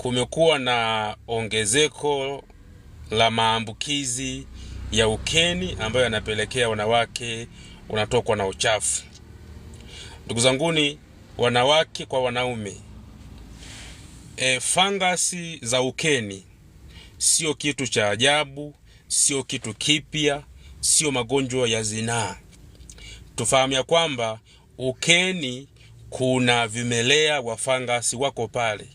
kumekuwa na ongezeko la maambukizi ya ukeni ambayo yanapelekea wanawake wanatokwa na uchafu. Ndugu zanguni, wanawake kwa wanaume, e, fangasi za ukeni sio kitu cha ajabu, sio kitu kipya, sio magonjwa ya zinaa. Tufahamu ya kwamba ukeni kuna vimelea wa fangasi wako pale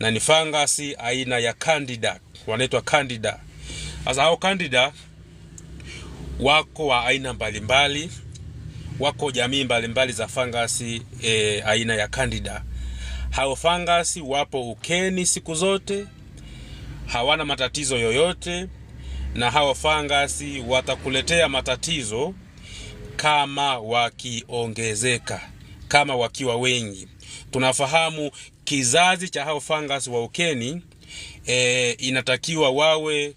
na ni fangasi aina ya candida, wanaitwa candida. Sasa hao candida wako wa aina mbalimbali mbali, wako jamii mbalimbali mbali za fangasi e, aina ya candida. Hao fangasi wapo ukeni siku zote, hawana matatizo yoyote, na hao fangasi watakuletea matatizo kama wakiongezeka, kama wakiwa wengi. Tunafahamu kizazi cha hao fungus wa ukeni e, inatakiwa wawe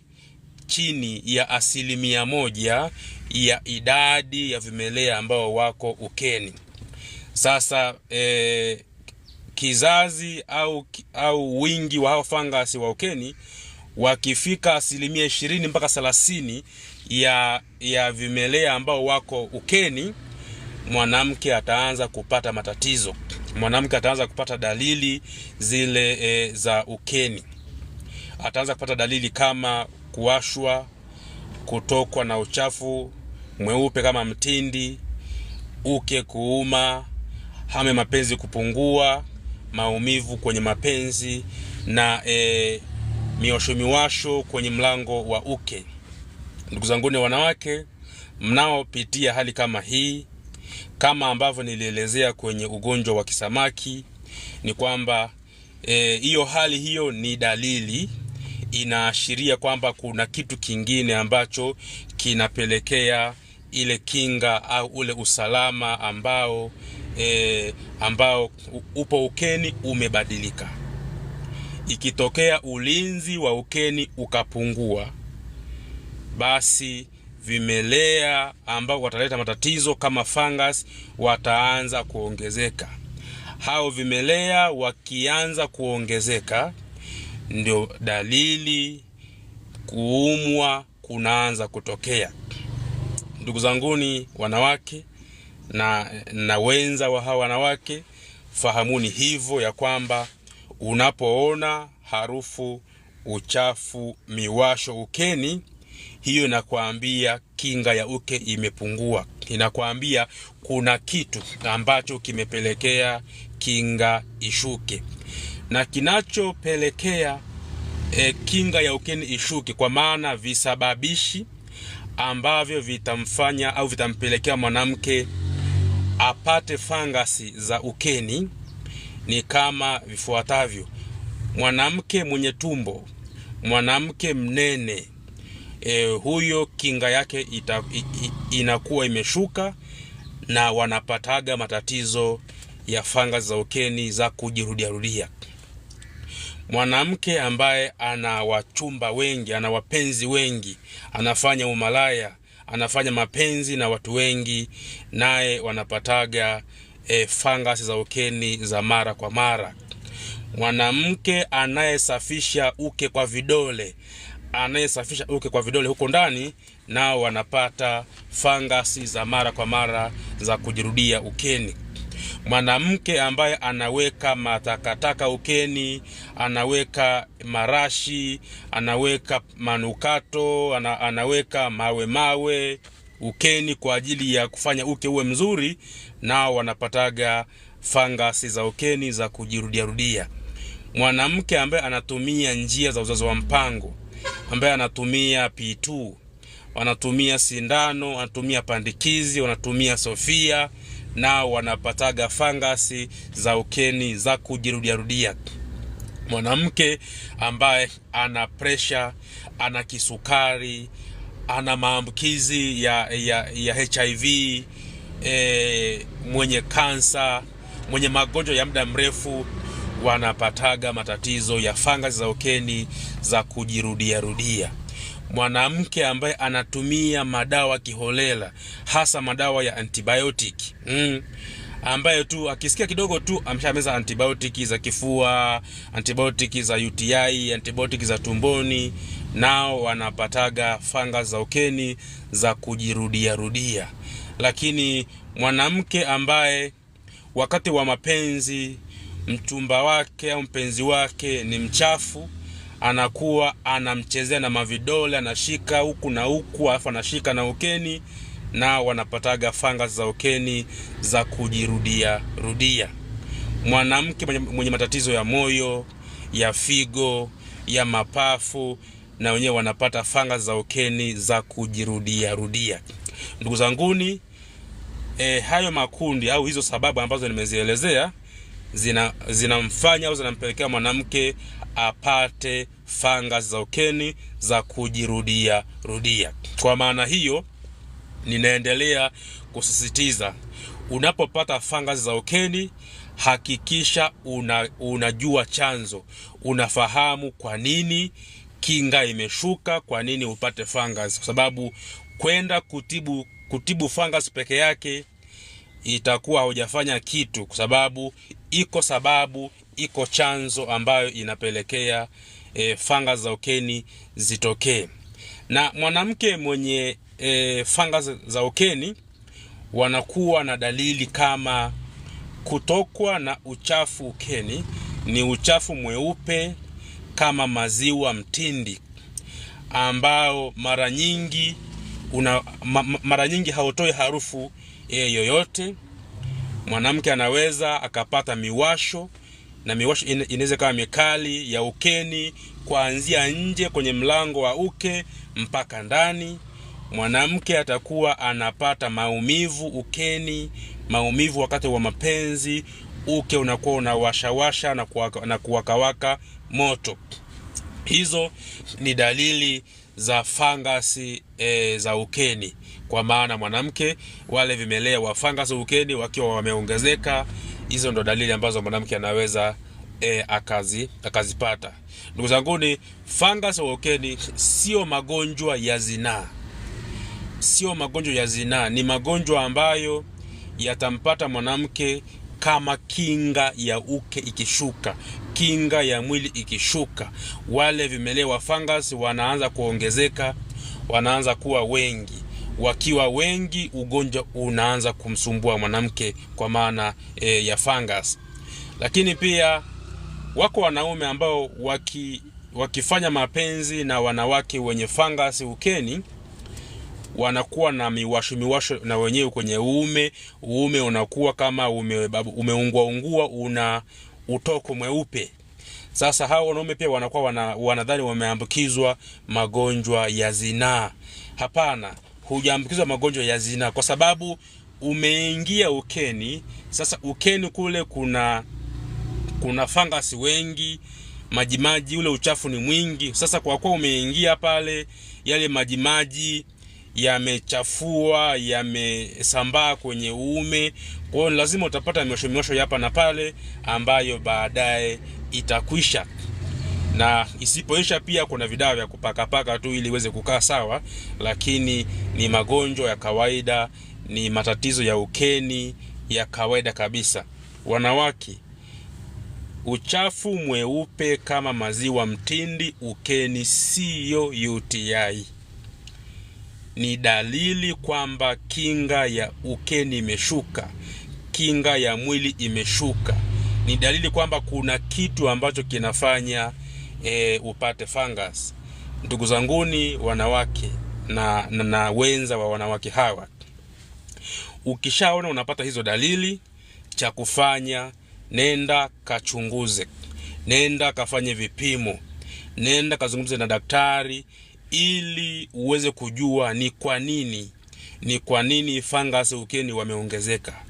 chini ya asilimia moja ya idadi ya vimelea ambao wako ukeni. Sasa e, kizazi au, au wingi wa hao fungus wa ukeni wakifika asilimia ishirini mpaka thelathini ya, ya vimelea ambao wako ukeni, mwanamke ataanza kupata matatizo mwanamke ataanza kupata dalili zile e, za ukeni. Ataanza kupata dalili kama kuwashwa, kutokwa na uchafu mweupe kama mtindi, uke kuuma, hame mapenzi kupungua, maumivu kwenye mapenzi na e, miwasho miwasho kwenye mlango wa uke. Ndugu zanguni wanawake mnaopitia hali kama hii kama ambavyo nilielezea kwenye ugonjwa wa kisamaki, ni kwamba e, hiyo e, hali hiyo ni dalili inaashiria kwamba kuna kitu kingine ambacho kinapelekea ile kinga au ule usalama ambao e, ambao upo ukeni umebadilika. Ikitokea ulinzi wa ukeni ukapungua, basi vimelea ambao wataleta matatizo kama fungus wataanza kuongezeka. Hao vimelea wakianza kuongezeka, ndio dalili kuumwa kunaanza kutokea. Ndugu zanguni wanawake na, na wenza wa hawa wanawake, fahamuni hivyo ya kwamba unapoona harufu, uchafu, miwasho ukeni hiyo inakwambia kinga ya uke imepungua, inakwambia kuna kitu ambacho kimepelekea kinga ishuke, na kinachopelekea e, kinga ya ukeni ishuke, kwa maana visababishi ambavyo vitamfanya au vitampelekea mwanamke apate fangasi za ukeni ni kama vifuatavyo: mwanamke mwenye tumbo, mwanamke mnene e, huyo kinga yake ita, i, inakuwa imeshuka na wanapataga matatizo ya fanga za ukeni za kujirudiarudia. Mwanamke ambaye ana wachumba wengi, ana wapenzi wengi, anafanya umalaya, anafanya mapenzi na watu wengi, naye wanapataga e, fangasi za ukeni za mara kwa mara. Mwanamke anayesafisha uke kwa vidole anayesafisha uke kwa vidole huko ndani, nao wanapata fangasi za mara kwa mara za kujirudia ukeni. Mwanamke ambaye anaweka matakataka ukeni, anaweka marashi, anaweka manukato, ana, anaweka mawe mawe ukeni kwa ajili ya kufanya uke uwe mzuri, nao wanapataga fangasi za ukeni za kujirudiarudia. Mwanamke ambaye anatumia njia za uzazi wa mpango ambaye anatumia P2, wanatumia sindano, wanatumia pandikizi, wanatumia sofia na wanapataga fangasi za ukeni za kujirudiarudia. Mwanamke ambaye ana presha, ana kisukari, ana maambukizi ya, ya, ya HIV e, eh, mwenye kansa, mwenye magonjwa ya muda mrefu wanapataga matatizo ya fangasi za ukeni za kujirudiarudia. Mwanamke ambaye anatumia madawa kiholela, hasa madawa ya antibiotic mm ambaye tu akisikia kidogo tu ameshameza antibiotic za kifua, antibiotic za UTI, antibiotic za tumboni, nao wanapataga fanga za ukeni za kujirudiarudia. Lakini mwanamke ambaye wakati wa mapenzi mchumba wake au mpenzi wake ni mchafu, anakuwa anamchezea na mavidole, anashika huku na huku, alafu anashika na ukeni, na wanapataga fanga za ukeni za kujirudia rudia. Mwanamke mwenye matatizo ya moyo, ya figo, ya mapafu na wenyewe wanapata fanga za ukeni za kujirudia rudia. Ndugu zanguni, eh, hayo makundi au hizo sababu ambazo nimezielezea zinamfanya zina au zinampelekea mwanamke apate fungus za ukeni za kujirudia rudia. Kwa maana hiyo, ninaendelea kusisitiza unapopata fungus za ukeni hakikisha una, unajua chanzo, unafahamu kwa nini kinga imeshuka, kwa nini upate fungus, kwa sababu kwenda kutibu kutibu fungus peke yake itakuwa haujafanya kitu, kwa sababu iko sababu, iko chanzo ambayo inapelekea e, eh, fungus za ukeni zitokee, na mwanamke mwenye e, eh, fungus za ukeni wanakuwa na dalili kama kutokwa na uchafu ukeni, ni uchafu mweupe kama maziwa mtindi ambao mara nyingi una, ma, mara nyingi hautoi harufu e, yoyote mwanamke anaweza akapata miwasho na miwasho inaweza kawa mikali ya ukeni, kuanzia nje kwenye mlango wa uke mpaka ndani. Mwanamke atakuwa anapata maumivu ukeni, maumivu wakati wa mapenzi, uke unakuwa unawashawasha na, kuwaka, na kuwakawaka moto. Hizo ni dalili za fangasi e, za ukeni kwa maana mwanamke, wale vimelea wa fungus ukeni wakiwa wameongezeka, hizo ndo dalili ambazo mwanamke anaweza e, akazi akazipata. Ndugu ni fungus ukeni sio magonjwa ya zinaa, sio magonjwa ya zinaa, ni magonjwa ambayo yatampata mwanamke kama kinga ya uke ikishuka, kinga ya mwili ikishuka, wale vimelea wa fungus wanaanza kuongezeka, wanaanza kuwa wengi wakiwa wengi, ugonjwa unaanza kumsumbua mwanamke kwa maana e, ya fungus. Lakini pia wako wanaume ambao waki, wakifanya mapenzi na wanawake wenye fungus ukeni wanakuwa na miwasho miwasho na wenyewe kwenye uume. Uume unakuwa kama umeungua ungua, una utoko mweupe. Sasa hao wanaume pia wanakuwa wanadhani wameambukizwa magonjwa ya zinaa. Hapana hujaambukizwa magonjwa ya zinaa, kwa sababu umeingia ukeni. Sasa ukeni kule kuna kuna fangasi wengi, majimaji, ule uchafu ni mwingi. Sasa kwa kuwa umeingia pale, yale majimaji yamechafua yamesambaa kwenye uume, kwa lazima utapata miosho miosho hapa na pale ambayo baadaye itakwisha na isipoisha pia kuna vidawa vya kupakapaka tu ili iweze kukaa sawa, lakini ni magonjwa ya kawaida, ni matatizo ya ukeni ya kawaida kabisa. Wanawake, uchafu mweupe kama maziwa mtindi ukeni siyo UTI, ni dalili kwamba kinga ya ukeni imeshuka, kinga ya mwili imeshuka, ni dalili kwamba kuna kitu ambacho kinafanya e, upate fungus. Ndugu zanguni wanawake na, na, na wenza wa wanawake hawa, ukishaona unapata hizo dalili, cha kufanya nenda kachunguze, nenda kafanye vipimo, nenda kazungumze na daktari ili uweze kujua ni kwa nini ni kwa nini fungus ukeni wameongezeka.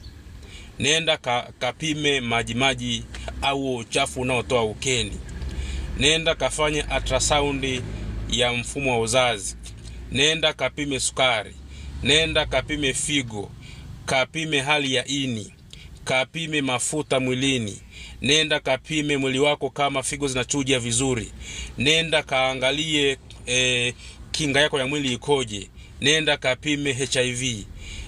Nenda ka, kapime majimaji au uchafu unaotoa ukeni nenda kafanye ultrasound ya mfumo wa uzazi, nenda kapime sukari, nenda kapime figo, kapime hali ya ini, kapime mafuta mwilini, nenda kapime mwili wako kama figo zinachuja vizuri, nenda kaangalie e, kinga yako ya mwili ikoje, nenda kapime HIV,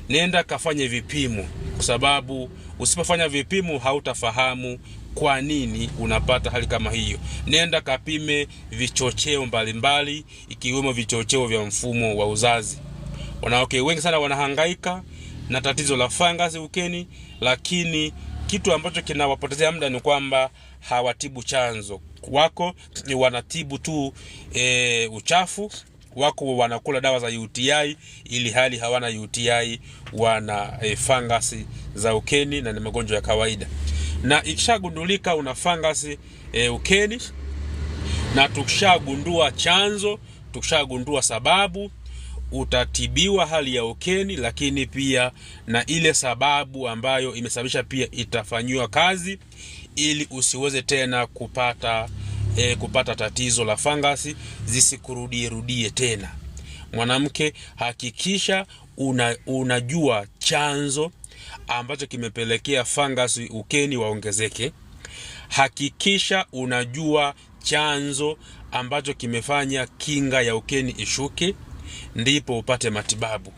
nenda kafanye vipimo, kwa sababu usipofanya vipimo hautafahamu kwa nini unapata hali kama hiyo. Nenda kapime vichocheo mbalimbali, ikiwemo vichocheo vya mfumo wa uzazi. Wanawake wengi sana wanahangaika na tatizo la fangasi ukeni, lakini kitu ambacho kinawapotezea muda ni kwamba hawatibu chanzo wako, ni wanatibu tu e, uchafu wako wanakula dawa za UTI ili hali hawana UTI, wana e, eh, fangasi za ukeni na ni magonjwa ya kawaida na ikishagundulika una fangasi e, ukeni na tukishagundua chanzo, tukishagundua sababu, utatibiwa hali ya ukeni, lakini pia na ile sababu ambayo imesababisha pia itafanyiwa kazi ili usiweze tena kupata e, kupata tatizo la fangasi zisikurudie rudie tena. Mwanamke, hakikisha una, unajua chanzo ambacho kimepelekea fangasi ukeni waongezeke. Hakikisha unajua chanzo ambacho kimefanya kinga ya ukeni ishuke, ndipo upate matibabu.